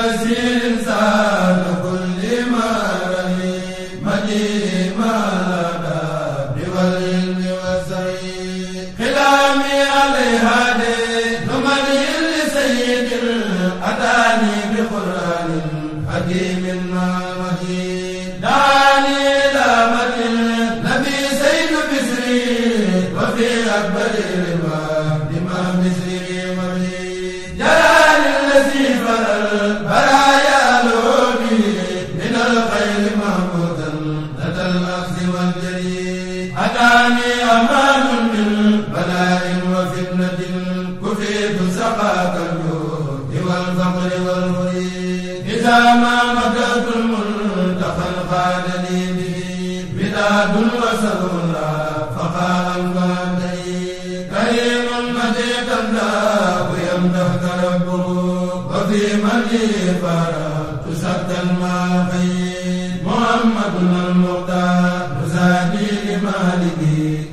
المزيد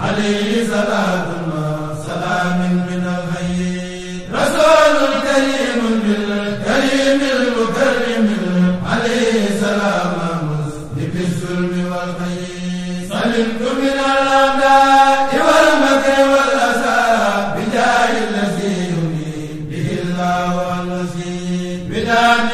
عليه صلاة ila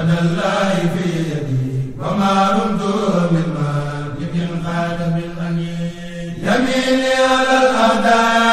لدى الله في يدي وما رمت من مال من خادم الأمين يميني على الأعداء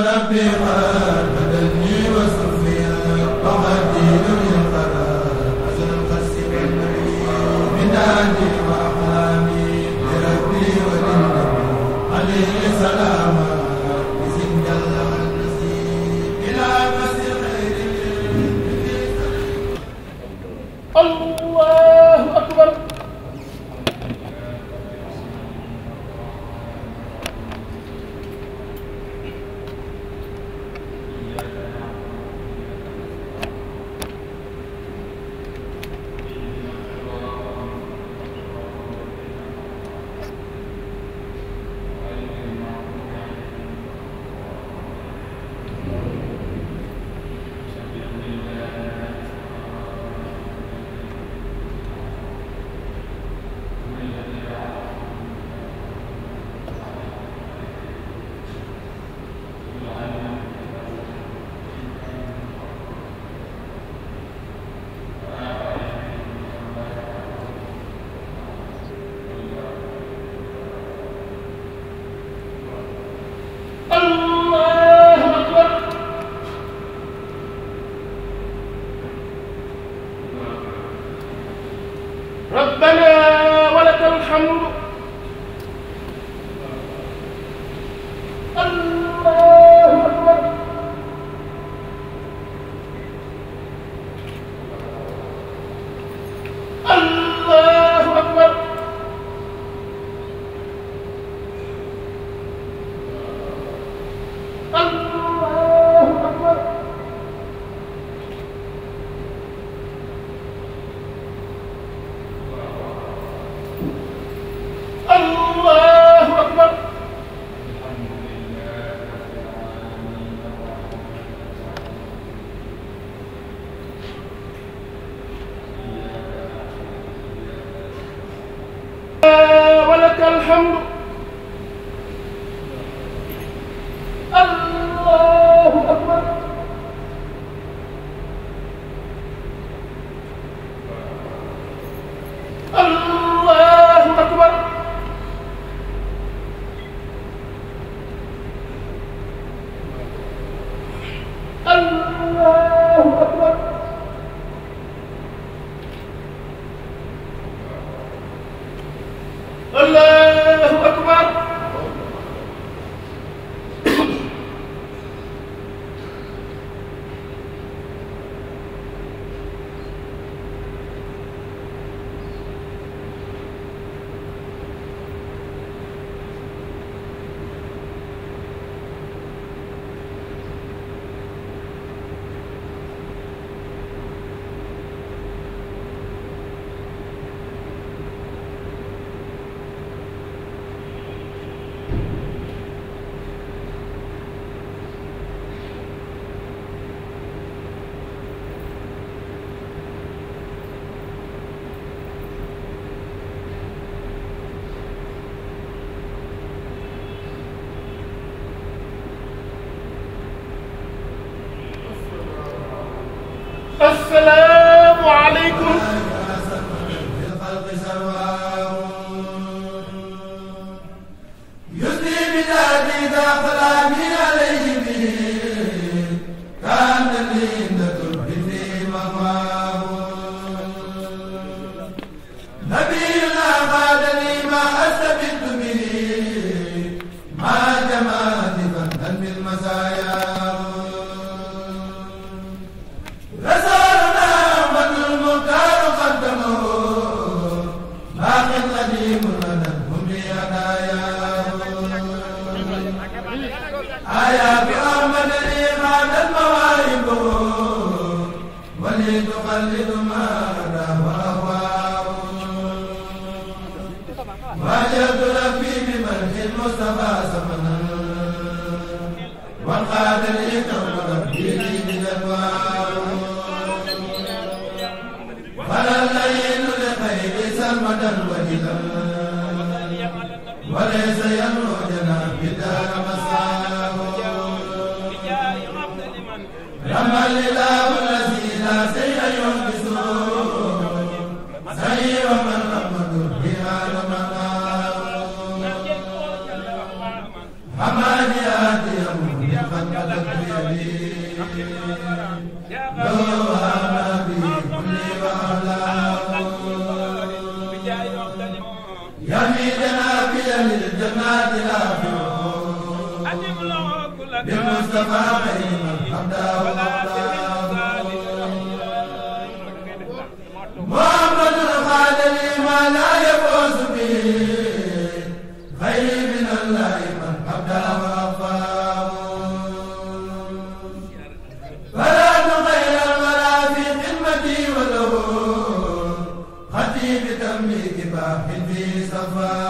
rabbi loolu أيا بأحمد الإيمان المواهب ولتقلد ما رواه وجدت ربي بمنح المصطفى زمنا وقاد الإكرام ربي بجدواه ولا الليل لخير سلمة وجدا وليس يمر bi tam bi baax bi safaa